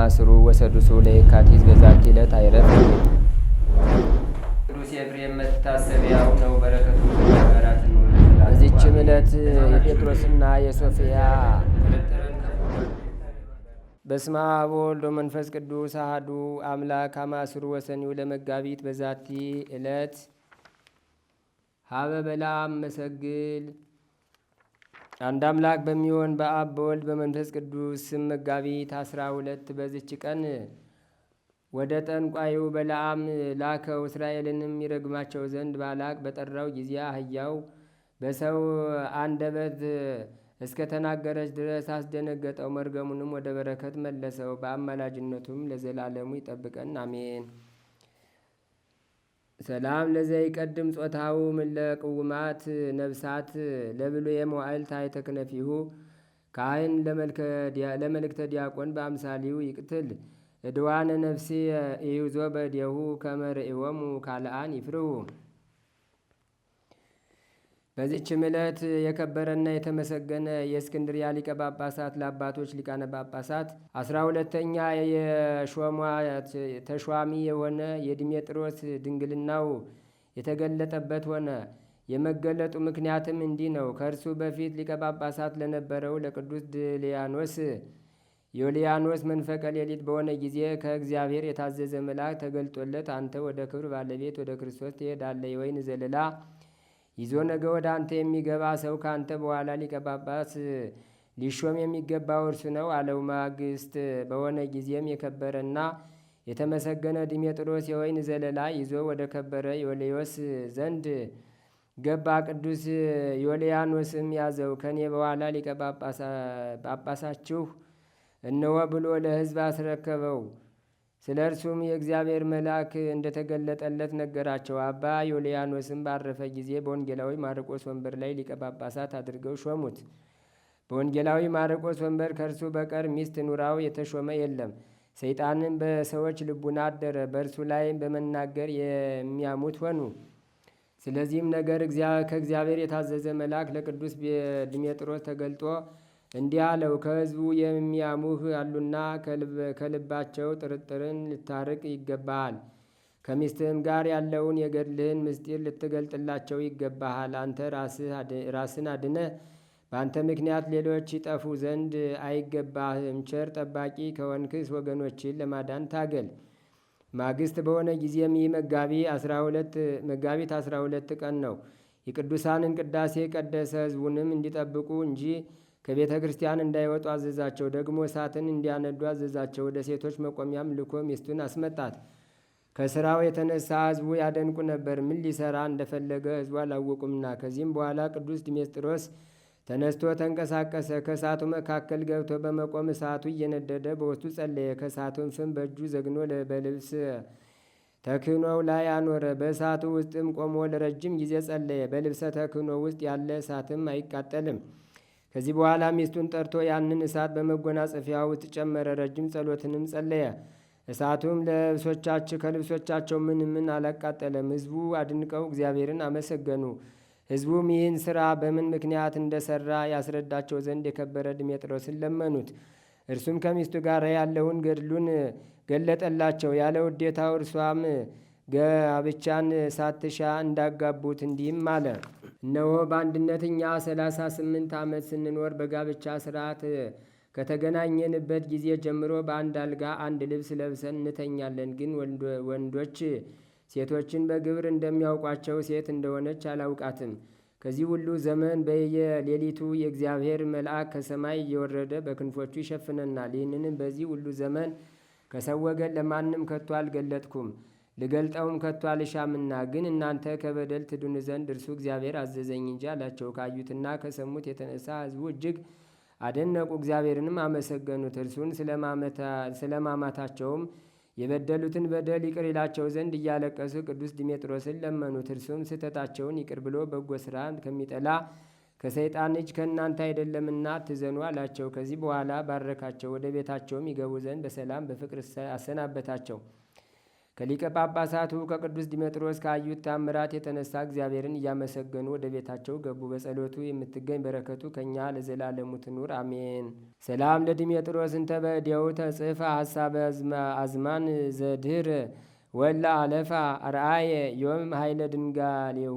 ማስሩ ወሰዱሱ ለየካቲት በዛቲ ዕለት አይረፍ። ቅዱስ ኤፍሬም መታሰቢያው ነው። በረከቱ ተባራት በዚችም ዕለት የጴጥሮስና የሶፊያ በስመ አብ ወወልድ ወመንፈስ ቅዱስ አሐዱ አምላክ አማስሩ ወሰኒው ለመጋቢት በዛቲ ዕለት ሀበ በላ መሰግል አንድ አምላክ በሚሆን በአብ በወልድ በመንፈስ ቅዱስ ስም መጋቢት አስራ ሁለት በዝች ቀን ወደ ጠንቋዩ በለዓም ላከው። እስራኤልንም ይረግማቸው ዘንድ ባላቅ በጠራው ጊዜ አህያው በሰው አንደበት እስከ ተናገረች ድረስ አስደነገጠው። መርገሙንም ወደ በረከት መለሰው። በአማላጅነቱም ለዘላለሙ ይጠብቀን አሜን። ሰላም ለዚያ ይቀድም ጾታው ምለቅውማት ነብሳት ለብሎ የመዋዕል ታሕተ ካህን ለመልክተ ዲያቆን በአምሳሊው ይቅትል እድዋነ ነፍሴ ኢይዞ በዴሁ ከመ ካልአን ይፍርሁ በዚችም ዕለት የከበረና የተመሰገነ የእስክንድርያ ሊቀ ጳጳሳት ለአባቶች ሊቃነ ጳጳሳት አስራ ሁለተኛ የሾሟ ተሿሚ የሆነ የድሜጥሮስ ድንግልናው የተገለጠበት ሆነ። የመገለጡ ምክንያትም እንዲህ ነው። ከእርሱ በፊት ሊቀ ጳጳሳት ለነበረው ለቅዱስ ድልያኖስ ዮልያኖስ መንፈቀ ሌሊት በሆነ ጊዜ ከእግዚአብሔር የታዘዘ መልአክ ተገልጦለት አንተ ወደ ክብር ባለቤት ወደ ክርስቶስ ትሄዳለህ የወይን ዘለላ ይዞ ነገ ወደ አንተ የሚገባ ሰው ከአንተ በኋላ ሊቀ ጳጳስ ሊሾም የሚገባው እርሱ ነው አለው። ማግስት በሆነ ጊዜም የከበረና የተመሰገነ ዲሜጥሮስ የወይን ዘለላ ይዞ ወደ ከበረ ዮሌዮስ ዘንድ ገባ። ቅዱስ ዮልያኖስም ያዘው። ከኔ በኋላ ሊቀ ጳጳሳችሁ እነሆ ብሎ ለሕዝብ አስረከበው። ስለ እርሱም የእግዚአብሔር መልአክ እንደተገለጠለት ነገራቸው። አባ ዮልያኖስም ባረፈ ጊዜ በወንጌላዊ ማርቆስ ወንበር ላይ ሊቀ ጳጳሳት አድርገው ሾሙት። በወንጌላዊ ማርቆስ ወንበር ከእርሱ በቀር ሚስት ኑራው የተሾመ የለም። ሰይጣንም በሰዎች ልቡና አደረ፣ በእርሱ ላይ በመናገር የሚያሙት ሆኑ። ስለዚህም ነገር ከእግዚአብሔር የታዘዘ መልአክ ለቅዱስ ድሜጥሮስ ተገልጦ እንዲህ አለው፣ ከህዝቡ የሚያሙህ አሉና ከልባቸው ጥርጥርን ልታርቅ ይገባሃል። ከሚስትህም ጋር ያለውን የገድልህን ምስጢር ልትገልጥላቸው ይገባሃል። አንተ ራስን አድነ በአንተ ምክንያት ሌሎች ይጠፉ ዘንድ አይገባህም። ቸር ጠባቂ ከወንክስ ወገኖችን ለማዳን ታገል። ማግስት በሆነ ጊዜም ይህ መጋቢት አስራ ሁለት ቀን ነው። የቅዱሳንን ቅዳሴ ቀደሰ፣ ህዝቡንም እንዲጠብቁ እንጂ ከቤተ ክርስቲያን እንዳይወጡ አዘዛቸው። ደግሞ እሳትን እንዲያነዱ አዘዛቸው። ወደ ሴቶች መቆሚያም ልኮ ሚስቱን አስመጣት። ከስራው የተነሳ ሕዝቡ ያደንቁ ነበር፣ ምን ሊሰራ እንደፈለገ ህዝቡ አላወቁምና። ከዚህም በኋላ ቅዱስ ዲሜስጥሮስ ተነስቶ ተንቀሳቀሰ። ከእሳቱ መካከል ገብቶ በመቆም እሳቱ እየነደደ በውስጡ ጸለየ። ከእሳቱን ፍም በእጁ ዘግኖ በልብስ ተክኖው ላይ አኖረ። በእሳቱ ውስጥም ቆሞ ለረጅም ጊዜ ጸለየ። በልብሰ ተክህኖ ውስጥ ያለ እሳትም አይቃጠልም። ከዚህ በኋላ ሚስቱን ጠርቶ ያንን እሳት በመጎናጸፊያ ውስጥ ጨመረ። ረጅም ጸሎትንም ጸለየ። እሳቱም ለብሶቻቸው ከልብሶቻቸው ምን ምን አላቃጠለም። ህዝቡ አድንቀው እግዚአብሔርን አመሰገኑ። ህዝቡም ይህን ስራ በምን ምክንያት እንደሰራ ያስረዳቸው ዘንድ የከበረ ድሜጥሮስን ለመኑት። እርሱም ከሚስቱ ጋር ያለውን ገድሉን ገለጠላቸው። ያለ ውዴታው እርሷም ጋብቻን ሳትሻ እንዳጋቡት እንዲህም አለ። እነሆ በአንድነት እኛ ሰላሳ ስምንት ዓመት ስንኖር በጋብቻ ስርዓት ከተገናኘንበት ጊዜ ጀምሮ በአንድ አልጋ አንድ ልብስ ለብሰን እንተኛለን። ግን ወንዶች ሴቶችን በግብር እንደሚያውቋቸው ሴት እንደሆነች አላውቃትም። ከዚህ ሁሉ ዘመን በየሌሊቱ የእግዚአብሔር መልአክ ከሰማይ እየወረደ በክንፎቹ ይሸፍነናል። ይህንንም በዚህ ሁሉ ዘመን ከሰው ወገን ለማንም ከቶ አልገለጥኩም። ልገልጠውም ከቶ አልሻምና ግን እናንተ ከበደል ትድኑ ዘንድ እርሱ እግዚአብሔር አዘዘኝ እንጂ አላቸው። ካዩትና ከሰሙት የተነሳ ሕዝቡ እጅግ አደነቁ፣ እግዚአብሔርንም አመሰገኑት። እርሱን ስለማማታቸውም የበደሉትን በደል ይቅር ይላቸው ዘንድ እያለቀሱ ቅዱስ ዲሜጥሮስን ለመኑት። እርሱም ስህተታቸውን ይቅር ብሎ በጎ ስራ ከሚጠላ ከሰይጣን እጅ ከእናንተ አይደለምና ትዘኑ አላቸው። ከዚህ በኋላ ባረካቸው፣ ወደ ቤታቸውም ይገቡ ዘንድ በሰላም በፍቅር አሰናበታቸው። ከሊቀ ጳጳሳቱ ከቅዱስ ዲሜጥሮስ ካዩት ታምራት የተነሳ እግዚአብሔርን እያመሰገኑ ወደ ቤታቸው ገቡ። በጸሎቱ የምትገኝ በረከቱ ከእኛ ለዘላለሙ ትኑር አሜን። ሰላም ለዲሜጥሮስ እንተ በእዴው ተጽፈ ሀሳበ አዝማን ዘድህር ወላ አለፋ አርአየ ዮም ሀይለ ድንጋሌሁ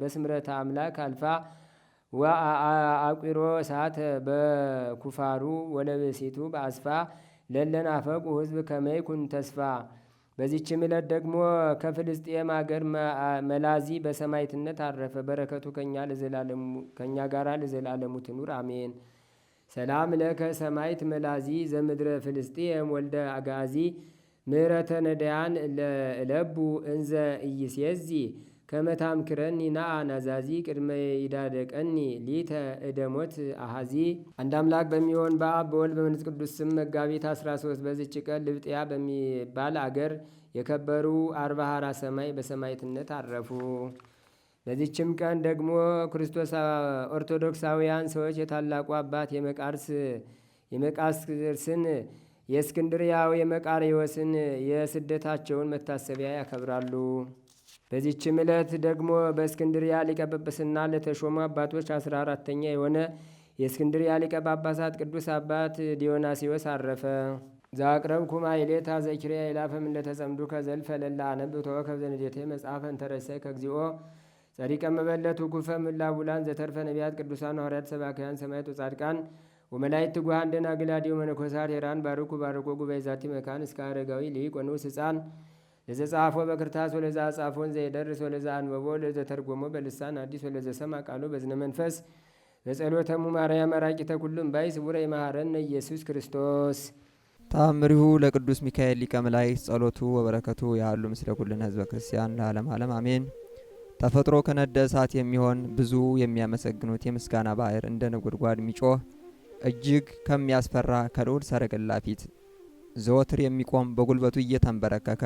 በስምረተ አምላክ አልፋ ወአቂሮ እሳተ በኩፋሩ ወለበሴቱ በአስፋ ለለናፈቁ ህዝብ ከመይኩን ተስፋ በዚችም ዕለት ደግሞ ከፍልስጤም አገር መላዚ በሰማይትነት አረፈ። በረከቱ ከእኛ ጋር ለዘላለሙ ትኑር አሜን። ሰላም ለከ ሰማይት መላዚ ዘምድረ ፍልስጤም ወልደ አጋዚ ምሕረተ ነዳያን ለእለቡ እንዘ የዚህ ከመታም ክረኒ ና ናዛዚ ቅድመ ይዳደቀኒ ሊተ እደሞት አሃዚ። አንድ አምላክ በሚሆን በአብ በወልድ በመንፈስ ቅዱስ ስም መጋቢት 13 በዚች ቀን ልብጥያ በሚባል አገር የከበሩ አርባ ሰማይ በሰማይትነት አረፉ። በዚችም ቀን ደግሞ ክርስቶስ ኦርቶዶክሳውያን ሰዎች የታላቁ አባት የመቃርስ የመቃስርስን የእስክንድርያው የመቃርዮስን የስደታቸውን መታሰቢያ ያከብራሉ። በዚችም ዕለት ደግሞ በእስክንድሪያ ሊቀ ጳጳስና ለተሾሙ አባቶች አስራ አራተኛ የሆነ የእስክንድሪያ ሊቀ ጳጳሳት ቅዱስ አባት ዲዮናሲዎስ አረፈ። ዛቅረብ ኩማ ማይሌታ ዘኪርያ ይላፈም እንደተጸምዱ ከዘልፈ ለላ አነብቶ ከብዘንዴቴ መጽሐፈ ተረሰይ ከግዚኦ ጸሪቀ መበለቱ ኩፈ ምላቡላን ዘተርፈ ነቢያት ቅዱሳን ሐዋርያት ሰባካያን ሰማዕት ወጻድቃን ወመላይት ትጉሃን ደናግል አዲው መነኮሳት ሄራን ባርኩ ባርኮ ጉባኤ ዛቲ መካን እስከ አረጋዊ ሊቅ ህፃን ለዘጻፎ በክርታስ ወለዛ ጻፎን ዘይደርስ ወለዛ አንበቦ ለዘተርጎሞ በልሳን አዲስ ወለዘ ሰማ በዝነ መንፈስ በጸሎተሙ ማርያም መራቂ ኩሉም ባይ ስቡረ ይመሃረነ ኢየሱስ ክርስቶስ። ታምሪሁ ለቅዱስ ሚካኤል ሊቀ መላእክት ጸሎቱ ወበረከቱ ያሉ ምስለ ኩልን ህዝበ ክርስቲያን ለዓለም ዓለም አሜን። ተፈጥሮ ከነደ እሳት የሚሆን ብዙ የሚያመሰግኑት የምስጋና ባህር እንደ ነጎድጓድ ሚጮህ እጅግ ከሚያስፈራ ከልዑል ሰረገላ ፊት ዘወትር የሚቆም በጉልበቱ እየተንበረከከ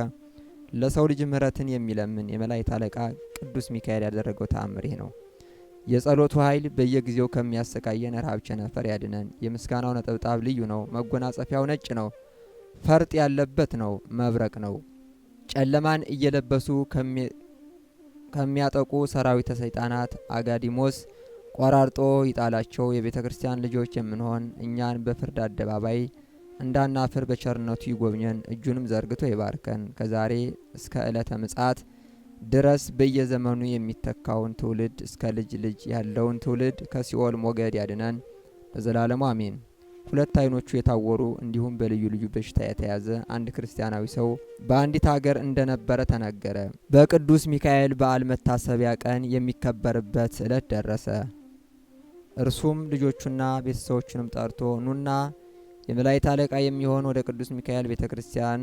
ለሰው ልጅ ምሕረትን የሚለምን የመላእክት አለቃ ቅዱስ ሚካኤል ያደረገው ተአምር ይህ ነው። የጸሎቱ ኃይል በየጊዜው ከሚያሰቃየን ረሃብ ቸነፈር ያድነን። የምስጋናው ነጠብጣብ ልዩ ነው። መጎናጸፊያው ነጭ ነው፣ ፈርጥ ያለበት ነው፣ መብረቅ ነው። ጨለማን እየለበሱ ከሚያጠቁ ሰራዊተ ሰይጣናት አጋዲሞስ ቆራርጦ ይጣላቸው። የቤተ ክርስቲያን ልጆች የምንሆን እኛን በፍርድ አደባባይ እንዳናፍር በቸርነቱ ይጎብኘን፣ እጁንም ዘርግቶ ይባርከን። ከዛሬ እስከ ዕለተ ምጽአት ድረስ በየዘመኑ የሚተካውን ትውልድ እስከ ልጅ ልጅ ያለውን ትውልድ ከሲኦል ሞገድ ያድነን ለዘላለሙ አሜን። ሁለት ዓይኖቹ የታወሩ እንዲሁም በልዩ ልዩ በሽታ የተያዘ አንድ ክርስቲያናዊ ሰው በአንዲት አገር እንደነበረ ተነገረ። በቅዱስ ሚካኤል በዓል መታሰቢያ ቀን የሚከበርበት ዕለት ደረሰ። እርሱም ልጆቹና ቤተሰቦቹንም ጠርቶ ኑና የመላእክት አለቃ የሚሆን ወደ ቅዱስ ሚካኤል ቤተ ክርስቲያን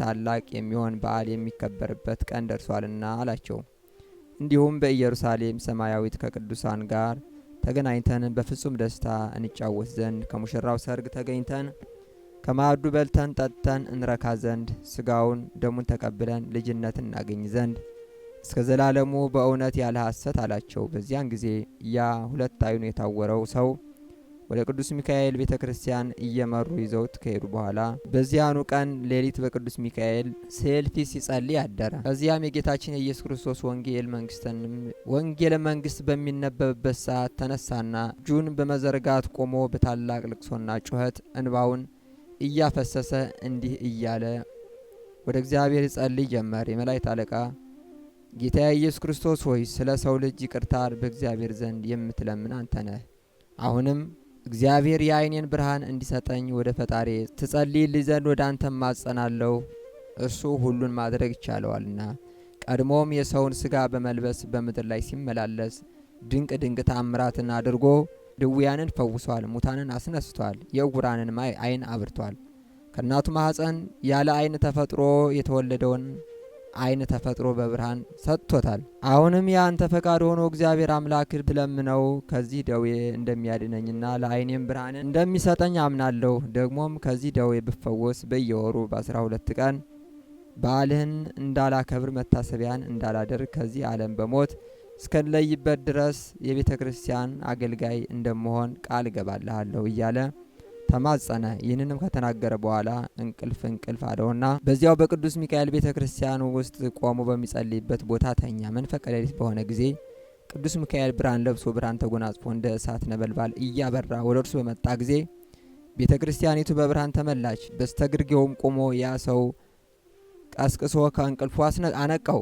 ታላቅ የሚሆን በዓል የሚከበርበት ቀን ደርሷልና አላቸው። እንዲሁም በኢየሩሳሌም ሰማያዊት ከቅዱሳን ጋር ተገናኝተን በፍጹም ደስታ እንጫወት ዘንድ ከሙሽራው ሰርግ ተገኝተን ከማዕዱ በልተን ጠጥተን እንረካ ዘንድ ስጋውን ደሙን ተቀብለን ልጅነት እናገኝ ዘንድ እስከ ዘላለሙ በእውነት ያለ ሐሰት አላቸው። በዚያን ጊዜ ያ ሁለት አይኑ የታወረው ሰው ወደ ቅዱስ ሚካኤል ቤተ ክርስቲያን እየመሩ ይዘውት ከሄዱ በኋላ በዚያኑ ቀን ሌሊት በቅዱስ ሚካኤል ሴልፊ ሲጸልይ አደረ። ከዚያም የጌታችን የኢየሱስ ክርስቶስ ወንጌል መንግስትንም ወንጌል መንግስት በሚነበብበት ሰዓት ተነሳና እጁን በመዘርጋት ቆሞ በታላቅ ልቅሶና ጩኸት እንባውን እያፈሰሰ እንዲህ እያለ ወደ እግዚአብሔር ይጸልይ ጀመር። የመላእክት አለቃ ጌታ ኢየሱስ ክርስቶስ ሆይ ስለ ሰው ልጅ ይቅርታር በእግዚአብሔር ዘንድ የምትለምን አንተ ነህ። አሁንም እግዚአብሔር የአይኔን ብርሃን እንዲሰጠኝ ወደ ፈጣሪ ትጸልይልኝ ዘንድ ወደ አንተ ማጸናለሁ፣ እርሱ ሁሉን ማድረግ ይቻለዋልና። ቀድሞም የሰውን ስጋ በመልበስ በምድር ላይ ሲመላለስ ድንቅ ድንቅ ታምራትን አድርጎ ድውያንን ፈውሷል፣ ሙታንን አስነስቷል፣ የዕውራንን አይን አብርቷል። ከእናቱ ማኅፀን ያለ አይን ተፈጥሮ የተወለደውን አይን ተፈጥሮ በብርሃን ሰጥቶታል። አሁንም የአንተ ፈቃድ ሆኖ እግዚአብሔር አምላክ ብለምነው ከዚህ ደዌ እንደሚያድነኝና ለአይኔም ብርሃን እንደሚሰጠኝ አምናለሁ። ደግሞም ከዚህ ደዌ ብፈወስ በየወሩ በአስራ ሁለት ቀን በዓልህን እንዳላከብር መታሰቢያን እንዳላደርግ ከዚህ ዓለም በሞት እስከለይበት ድረስ የቤተ ክርስቲያን አገልጋይ እንደመሆን ቃል እገባልሃለሁ እያለ ተማጸነ። ይህንንም ከተናገረ በኋላ እንቅልፍ እንቅልፍ አለውና በዚያው በቅዱስ ሚካኤል ቤተ ክርስቲያን ውስጥ ቆሞ በሚጸልይበት ቦታ ተኛ። መንፈቀ ሌሊት በሆነ ጊዜ ቅዱስ ሚካኤል ብርሃን ለብሶ ብርሃን ተጎናጽፎ እንደ እሳት ነበልባል እያበራ ወደ እርሱ በመጣ ጊዜ ቤተ ክርስቲያኒቱ በብርሃን ተመላች። በስተግርጌውም ቆሞ ያ ሰው ቀስቅሶ ከእንቅልፉ አነቀው።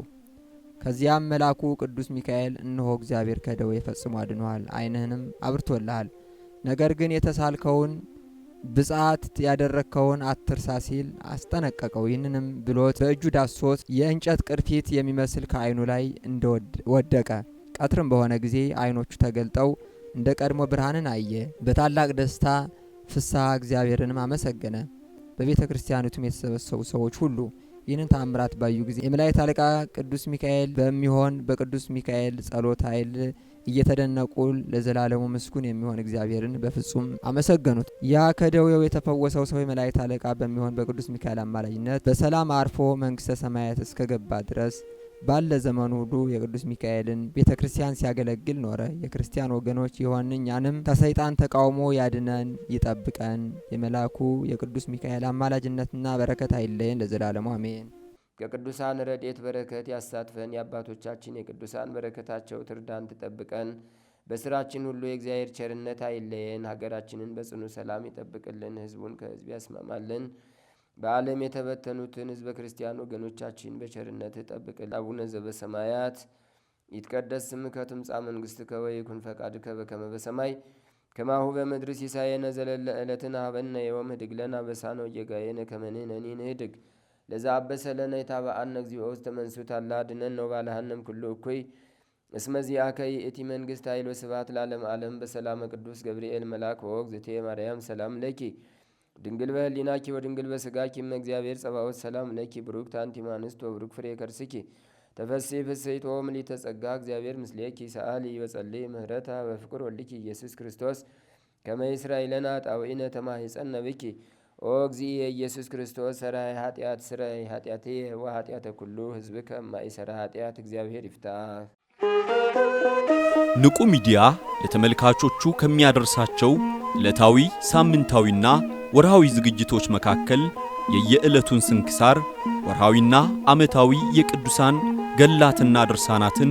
ከዚያም መልአኩ ቅዱስ ሚካኤል እነሆ እግዚአብሔር ከደዌ ፈጽሞ አድኗል ዓይንህንም አብርቶልሃል። ነገር ግን የተሳልከውን ብጽዓት ያደረግከውን አትርሳ ሲል አስጠነቀቀው። ይህንንም ብሎት በእጁ ዳሶት የእንጨት ቅርፊት የሚመስል ከአይኑ ላይ እንደወደቀ ቀትርም በሆነ ጊዜ አይኖቹ ተገልጠው እንደ ቀድሞ ብርሃንን አየ። በታላቅ ደስታ ፍስሐ እግዚአብሔርንም አመሰገነ። በቤተ ክርስቲያኒቱም የተሰበሰቡ ሰዎች ሁሉ ይህንን ታምራት ባዩ ጊዜ የመላእክት አለቃ ቅዱስ ሚካኤል በሚሆን በቅዱስ ሚካኤል ጸሎት ኃይል እየተደነቁ ለዘላለሙ ምስጉን የሚሆን እግዚአብሔርን በፍጹም አመሰገኑት። ያ ከደዌው የተፈወሰው ሰው የመላእክት አለቃ በሚሆን በቅዱስ ሚካኤል አማላጅነት በሰላም አርፎ መንግሥተ ሰማያት እስከገባ ድረስ ባለ ዘመኑ ሁሉ የቅዱስ ሚካኤልን ቤተ ክርስቲያን ሲያገለግል ኖረ። የክርስቲያን ወገኖች የሆንኛንም ከሰይጣን ተቃውሞ ያድነን ይጠብቀን። የመልአኩ የቅዱስ ሚካኤል አማላጅነትና በረከት አይለየን ለዘላለሙ አሜን። ከቅዱሳን ረድኤት በረከት ያሳትፈን። የአባቶቻችን የቅዱሳን በረከታቸው ትርዳን፣ ትጠብቀን። በስራችን ሁሉ የእግዚአብሔር ቸርነት አይለየን። ሀገራችንን በጽኑ ሰላም ይጠብቅልን፣ ህዝቡን ከህዝብ ያስማማልን። በዓለም የተበተኑትን ህዝበ ክርስቲያን ወገኖቻችን በቸርነት ጠብቅልን። አቡነ ዘበሰማያት ይትቀደስ ስምከ ትምጻእ መንግሥትከ ወይኩን ፈቃድከ በከመ በሰማይ ከማሁ በምድር ሲሳየነ ዘለለ ዕለትነ ሀበነ ዮም ህድግ ለነ አበሳነ ወጌጋየነ ከመ ንሕነኒ ንህድግ ለዛ አበሰለነ የታበአነ እግዚኦ ውስጥ መንሱት አላ ድነን ነው ባልሃንም ኩሉ እኩይ እስመዚያ ከይ እቲ መንግስት ኃይሎ ስብሐት ለዓለም ዓለም በሰላመ ቅዱስ ገብርኤል መልአክ ወወግ ዘቴ ማርያም ሰላም ለኪ ድንግል በህሊናኪ ወድንግል በስጋኪ እመ እግዚአብሔር ጸባዖት ሰላም ለኪ ብሩክ አንቲ እምአንስት ወብሩክ ፍሬ ከርስኪ ተፈሲ ፍስሕት ወምልዕተ ተጸጋ እግዚአብሔር ምስሌኪ ሰአሊ ወጸልይ ምህረታ በፍቅር ወልኪ ኢየሱስ ክርስቶስ ከመ ይስራይ ለነ ኃጣውኢነ ነብኪ ኦ እግዚእ ኢየሱስ ክርስቶስ ሰራይ ኃጢአት ስራይ ኃጢአቴ ወኃጢአተ ኩሉ ህዝብ ከማይሰራ ኃጢአት እግዚአብሔር ይፍታ። ንቁ ሚዲያ ለተመልካቾቹ ከሚያደርሳቸው ዕለታዊ ሳምንታዊና ወርሃዊ ዝግጅቶች መካከል የየዕለቱን ስንክሳር ወርሃዊና ዓመታዊ የቅዱሳን ገላትና ድርሳናትን